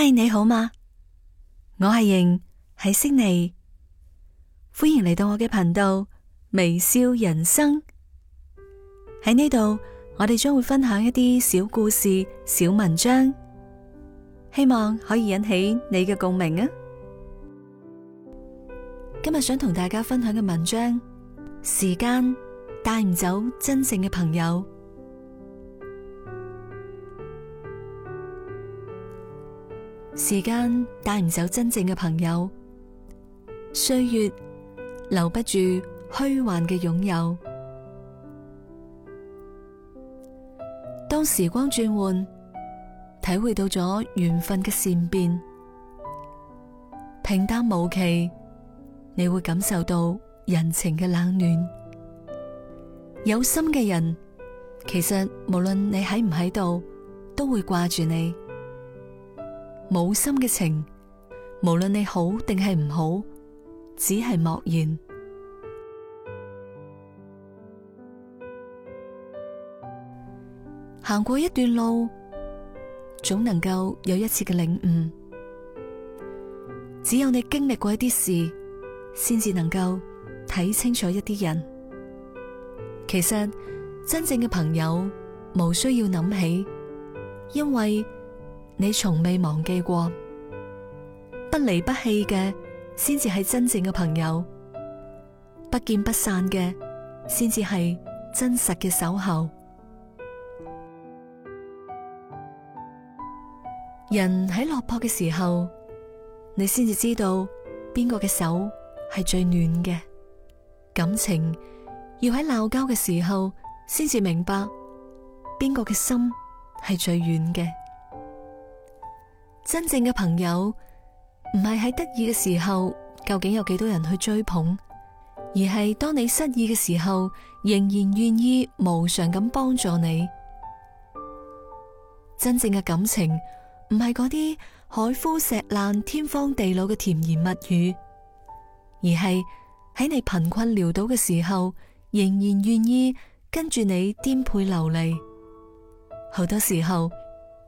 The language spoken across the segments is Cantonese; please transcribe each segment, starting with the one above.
嗨，你好嗎？我係瑩，喺悉尼，歡迎嚟到我嘅頻道微笑人生。喺呢度，我哋將會分享一啲小故事、小文章，希望可以引起你嘅共鳴啊！今日想同大家分享嘅文章，時間帶唔走真正嘅朋友。時間帶唔走真正嘅朋友，歲月留不住虛幻嘅擁有。當時光轉換，體會到咗緣分嘅善變。平淡無奇，你會感受到人情嘅冷暖。有心嘅人，其實無論你喺唔喺度，都會掛住你。冇心嘅情，無論你好定係唔好，只係漠然。行過一段路，總能夠有一次嘅領悟。只有你經歷過一啲事，先至能夠睇清楚一啲人。其實真正嘅朋友，無需要諗起，因為。你從未忘記過，不離不棄嘅先至係真正嘅朋友，不見不散嘅先至係真實嘅守候。人喺落魄嘅時候，你先至知道邊個嘅手係最暖嘅。感情要喺鬧交嘅時候，先至明白邊個嘅心係最軟嘅。真正嘅朋友唔係喺得意嘅時候究竟有幾多人去追捧，而係當你失意嘅時候，仍然願意無償咁幫助你。真正嘅感情唔係嗰啲海枯石爛、天荒地老嘅甜言蜜語，而係喺你貧困潦倒嘅時候，仍然願意跟住你顛沛流離。好多時候。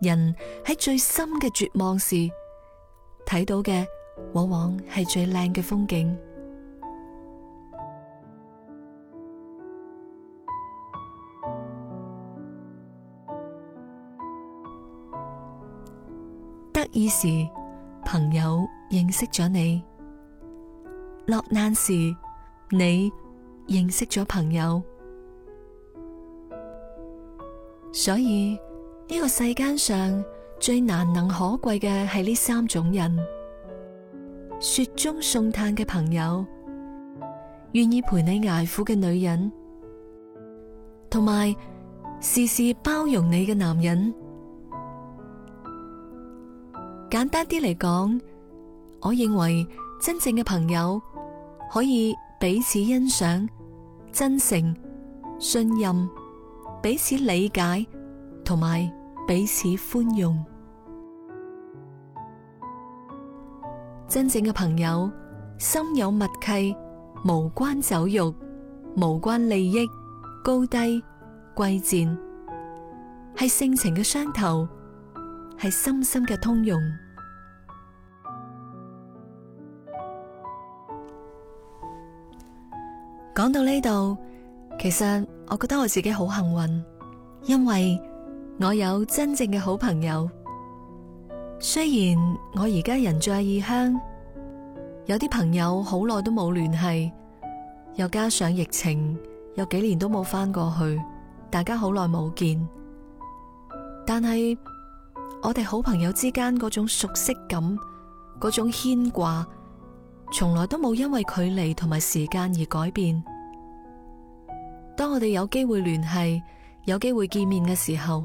人喺最深嘅絕望時，睇到嘅往往係最靚嘅風景。得意時，朋友認識咗你；落難時，你認識咗朋友。所以。呢個世界上最難能可貴嘅係呢三種人：雪中送炭嘅朋友，願意陪你挨苦嘅女人，同埋事事包容你嘅男人。簡單啲嚟講，我認為真正嘅朋友可以彼此欣賞、真誠、信任、彼此理解。同埋彼此寬容，真正嘅朋友，心有默契，無關酒肉，無關利益，高低，貴賤，係性情嘅相投，係深深嘅通用。講到呢度，其實我覺得我自己好幸運，因為。我有真正嘅好朋友，雖然我而家人在異鄉，有啲朋友好耐都冇聯繫，又加上疫情，有幾年都冇返過去，大家好耐冇見。但係我哋好朋友之間嗰種熟悉感、嗰種牽掛，從來都冇因為距離同埋時間而改變。當我哋有機會聯繫、有機會見面嘅時候，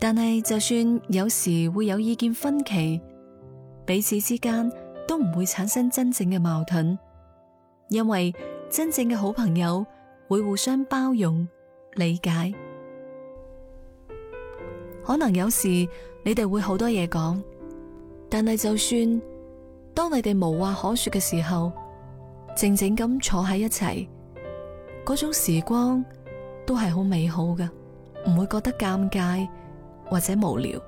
但係，就算有時會有意見分歧，彼此之間都唔會產生真正嘅矛盾，因為真正嘅好朋友會互相包容、理解。可能有時你哋會好多嘢講，但係就算當你哋無話可說嘅時候，靜靜咁坐喺一齊，嗰種時光都係好美好㗎，唔會覺得尷尬。或者無聊，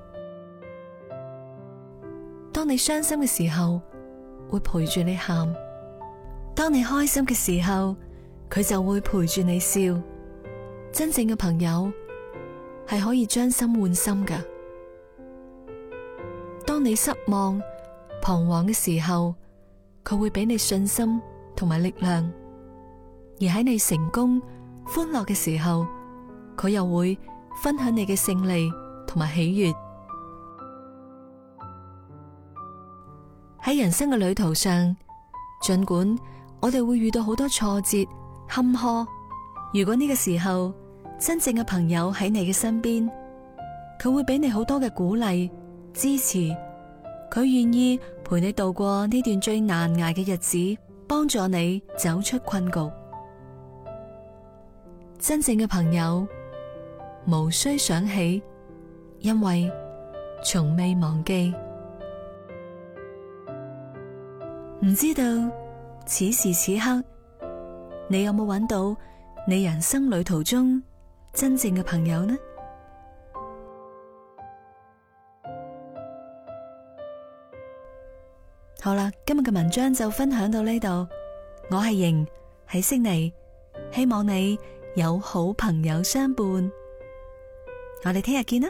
當你傷心嘅時候，會陪住你喊；當你開心嘅時候，佢就會陪住你笑。真正嘅朋友係可以將心換心㗎。當你失望彷徨嘅時候，佢會俾你信心同埋力量；而喺你成功歡樂嘅時候，佢又會分享你嘅勝利。同埋喜悅喺人生嘅旅途上，盡管我哋會遇到好多挫折坎坷。如果呢個時候真正嘅朋友喺你嘅身邊，佢會俾你好多嘅鼓勵支持，佢願意陪你度過呢段最難挨嘅日子，幫助你走出困局。真正嘅朋友，無需想起。因為從未忘記，唔知道此時此刻你有冇揾到你人生旅途中真正嘅朋友呢？好啦，今日嘅文章就分享到呢度。我係瑩，喺悉尼，希望你有好朋友相伴。我哋聽日見啦！